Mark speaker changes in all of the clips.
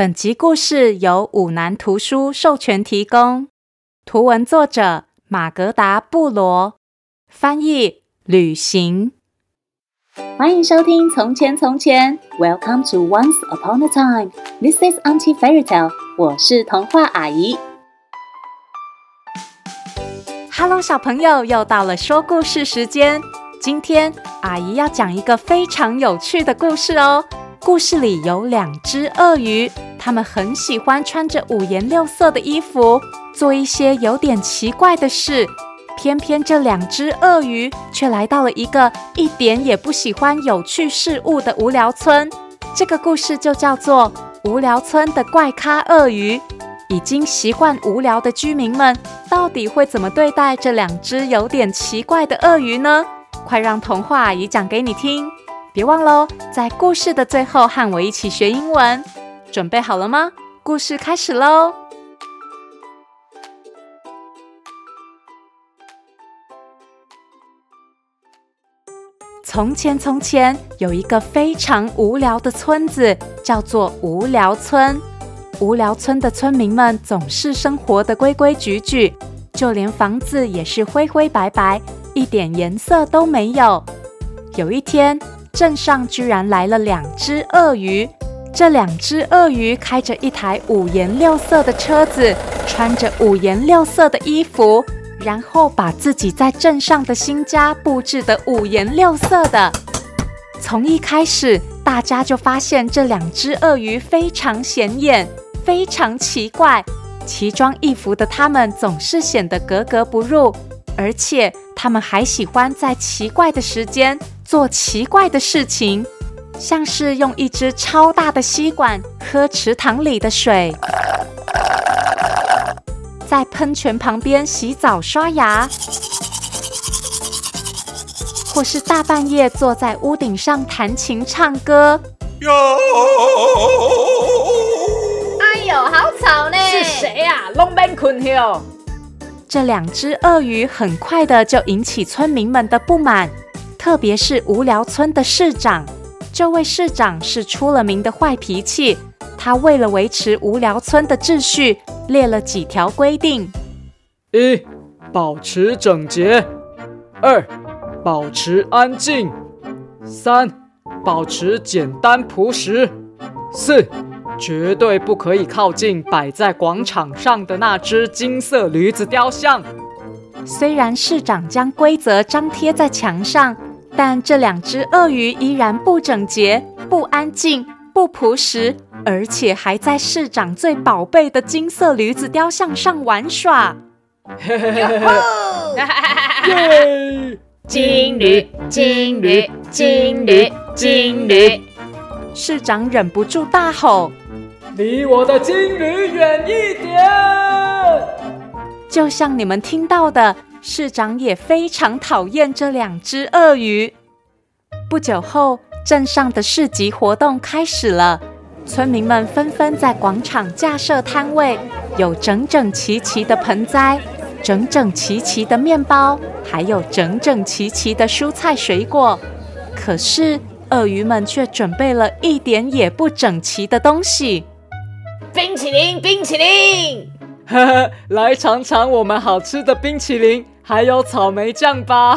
Speaker 1: 本集故事由五南圖書授權提供，圖文作者瑪格達．布羅，翻譯呂行。歡迎收聽《從前從前》，Welcome to Once Upon a Time，This is Auntie Fairy Tale，我是童話阿姨。Hello，小朋友，又到了說故事時間。今天阿姨要講一個非常有趣的故事哦。故事裡有兩隻鱷魚。他們很喜歡穿着五顏六色的衣服，做一些有點奇怪的事。偏偏這兩隻鱷魚卻來到了一個一點也不喜歡有趣事物的無聊村。這個故事就叫做《無聊村的怪咖鱷魚》。已經習慣無聊的居民們，到底會怎麼對待這兩隻有點奇怪的鱷魚呢？快讓童話阿姨講給你聽！別忘嘍，在故事的最後和我一起學英文。準備好了嗎？故事開始嘍！從前，從前，從前有一個非常無聊的村子，叫做無聊村。無聊村的村民們總是生活的規規矩矩，就連房子也是灰灰白白，一點顏色都沒有。有一天，鎮上居然來了兩隻鱷魚。這兩隻鱷魚開着一台五顏六色的車子，穿着五顏六色的衣服，然後把自己在鎮上的新家布置得五顏六色的。從一開始，大家就發現這兩隻鱷魚非常顯眼，非常奇怪。奇裝異服的他們總是顯得格格不入，而且他們還喜歡在奇怪的時間做奇怪的事情。像是用一支超大的吸管喝池塘裡的水，呃呃、在噴泉旁邊洗澡刷牙，或是大半夜坐在屋頂上彈琴唱歌。喲、呃，哎呦，好吵呢！是誰呀？都不用睡覺！這兩隻鱷魚很快的就引起村民們的不滿，特別是無聊村的市長。這位市長是出了名的壞脾氣，他為了維持無聊村的秩序，列了幾條規定：一、保持整潔；二、保持安靜；三、保持簡單樸實；四、絕對不可以靠近擺在廣場上的那隻金色驢子雕像。雖然市長將規則張貼在牆上。但這兩隻鱷魚依然不整潔、不安靜、不樸實，而且還在市長最寶貝的金色驢子雕像上玩耍。嘿，嘿嘿。耶！金驢，金驢，金驢，金驢！市長忍不住大吼：“離我的金驢遠一點！”就像你們聽到的。市長也非常討厭這兩只鱷魚。不久後，鎮上的市集活動開始了，村民們紛紛在廣場架設攤位，有整整齊齊的盆栽，整整齊齊的麵包，還有整整齊齊的蔬菜水果。可是，鱷魚們卻準備了一點也不整齊的東西——冰淇淋，冰淇淋！呵呵，來嚐嚐我們好吃的冰淇淋。還有草莓醬吧！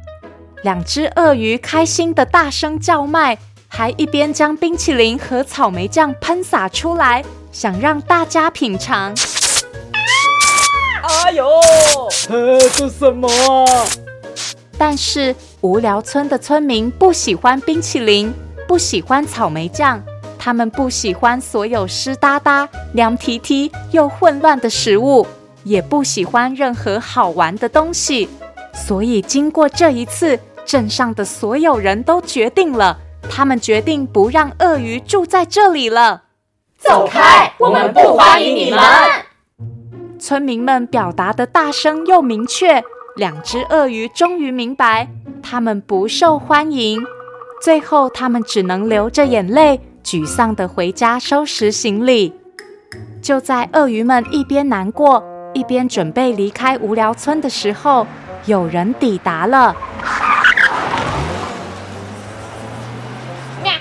Speaker 1: 兩隻鱷魚開心地大聲叫賣，還一邊將冰淇淋和草莓醬噴灑出來，想讓大家品嘗。啊、哎呦哎，這什麼啊？但是無聊村的村民不喜歡冰淇淋，不喜歡草莓醬，他們不喜歡所有濕噠噠、涼提提又混亂的食物。也不喜歡任何好玩的東西，所以經過這一次，鎮上的所有人都決定了，他們決定不讓鱷魚住在這裡了。走開，我們不歡迎你們！村民們表達的大聲又明確，兩只鱷魚終於明白他們不受歡迎。最後，他們只能流着眼淚，沮喪地回家收拾行李。就在鱷魚們一邊難過。一邊準備離開無聊村的時候，有人抵達了。哈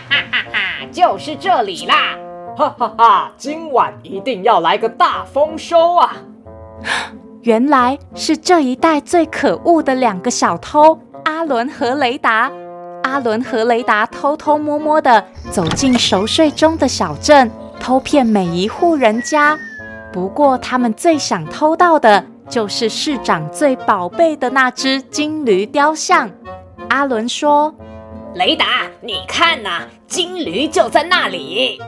Speaker 1: 哈哈哈，就是這裡啦！哈哈哈，今晚一定要來個大豐收啊！原來是這一帶最可惡的兩個小偷——阿倫和雷達。阿倫和雷達偷偷摸摸的走進熟睡中的小鎮，偷遍每一戶人家。不過，他們最想偷到的，就是市長最寶貝的那只金驢雕像。阿倫說：“雷達，你看吶、啊，金驢就在那裡。”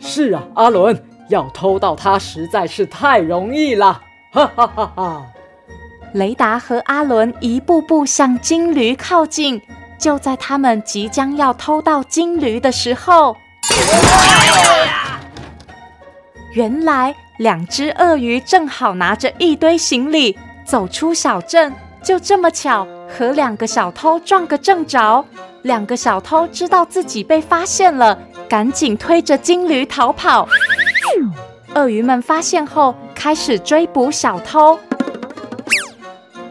Speaker 1: 是啊，阿倫要偷到它實在是太容易了。哈哈哈,哈！哈雷達和阿倫一步步向金驢靠近。就在他們即將要偷到金驢的時候，哇！原來。兩隻鱷魚正好拿着一堆行李走出小鎮，就這麼巧和兩個小偷撞個正着。兩個小偷知道自己被發現了，趕緊推着金驢逃跑。鱷魚們發現後開始追捕小偷。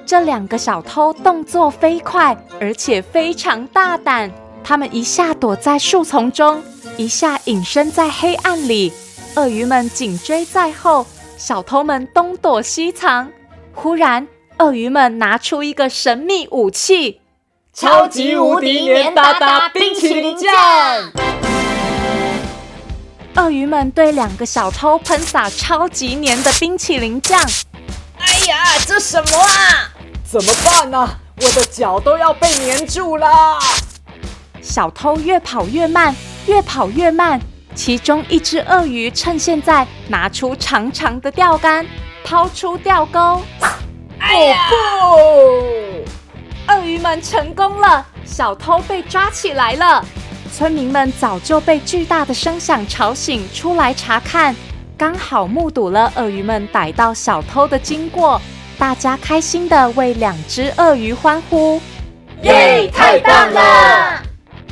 Speaker 1: 這兩個小偷動作飛快，而且非常大膽。他們一下躲在樹叢中，一下隱身在黑暗裡。鱷魚們緊追在後，小偷們東躲西藏。忽然，鱷魚們拿出一個神秘武器——超級無敵黏噠噠冰淇淋醬。鱷魚們對兩個小偷噴灑超級黏的冰淇淋醬。哎呀，這什麼啊？怎麼辦呢啊？我的腳都要被黏住啦。小偷越跑越慢，越跑越慢。其中一隻鱷魚趁現在拿出長長的釣竿，拋出釣鈎。哎呀！哦不！鱷魚們成功了，小偷被抓起來了。村民們早就被巨大的聲響吵醒，出來查看，剛好目睹了鱷魚們逮到小偷的經過。大家開心地為兩只鱷魚歡呼。耶！太棒了！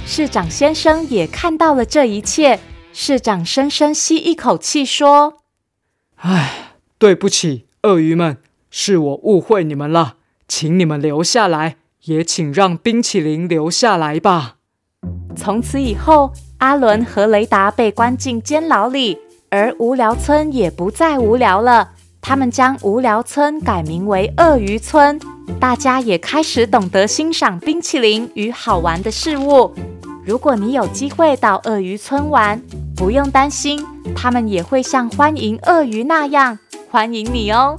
Speaker 1: 市長先生也看到了這一切。市長深深吸一口氣，說：“唉，對不起，鱷魚們，是我誤會你們了，請你們留下來，也請讓冰淇淋留下來吧。”從此以後，阿倫和雷達被關進監牢裡，而無聊村也不再無聊了。他們將無聊村改名為鱷魚村，大家也開始懂得欣賞冰淇淋與好玩的事物。如果你有機會到鱷魚村玩，不用擔心，他們也會像歡迎鱷魚那樣歡迎你哦。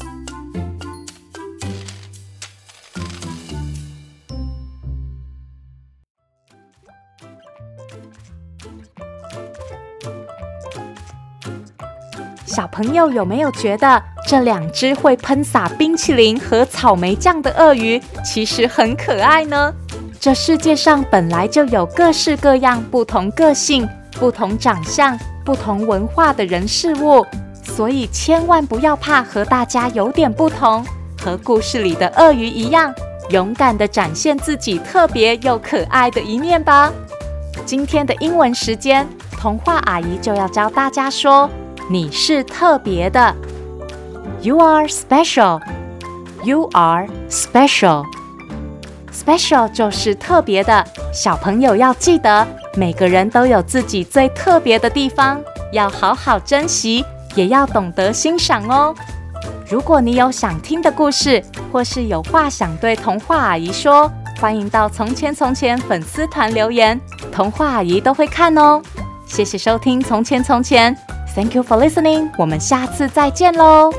Speaker 1: 小朋友有沒有覺得這兩隻會噴灑冰淇淋和草莓醬的鱷魚其實很可愛呢？這世界上本來就有各式各樣不同個性。不同長相、不同文化的人事物，所以千萬不要怕和大家有點不同，和故事裡的鱷魚一樣，勇敢的展現自己特別又可愛的一面吧。今天的英文時間，童話阿姨就要教大家說：“你是特別的，You are special. You are special. Special 就是特別的，小朋友要記得。”每個人都有自己最特別的地方，要好好珍惜，也要懂得欣賞哦。如果你有想聽的故事，或是有話想對童話阿姨說，歡迎到《從前從前》粉絲團留言，童話阿姨都會看哦。謝謝收聽《從前從前》。Thank you for listening，我們下次再見嘍。